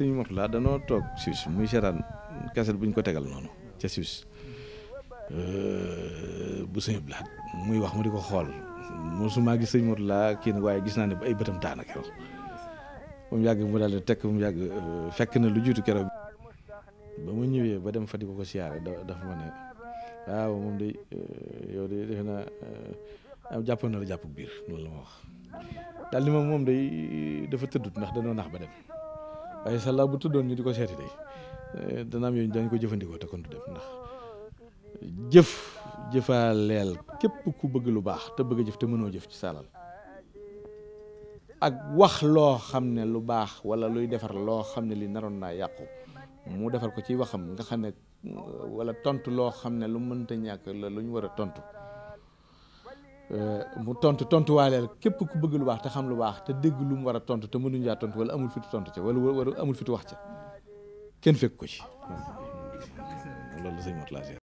sëñ Mourtada danoo toog Suisse muy seetaan kaset bu ñu ko tegal noonu ca Suisse euh, bu muy wax ma ko xool mosuma gis sëñ Mourtada kii nag waaye gis naa ne ay bëtam taan ak mu yàgg mu yàgg euh, fekk na lu jiitu keroog ba mu ñëwee ba dafa ma ne waaw moom de euh, yow de defe naa am jàpp na la jàpp biir loolu la ma wax daal ni moom moom day dafa tëddut ndax danoo nax ba dem. waaye sàllaa bu tuddoon ñu di ko seeti day eh, dana am yooyu dañ ko jëfandikoo te kon du dem ndax jëf leel képp ku bëgg lu baax te bëgg jëf te mënoo jëf ci saalal ak wax loo xam ne lu baax wala luy defar loo xam ne li naroon naa yàqu mu defar ko ci waxam nga xam ne wala tontu loo xam ne lu mënta ñàkk la lu ñu war a tontu Euh, mu tontu tontuwaaleel képp ku bëgg lu waax te xam lu baax te dégg lu mu war a tontu te mënuñu yaa tontu wala amul fitu tontu ca wala wala amul fitu wax ca kenn fekk ko ci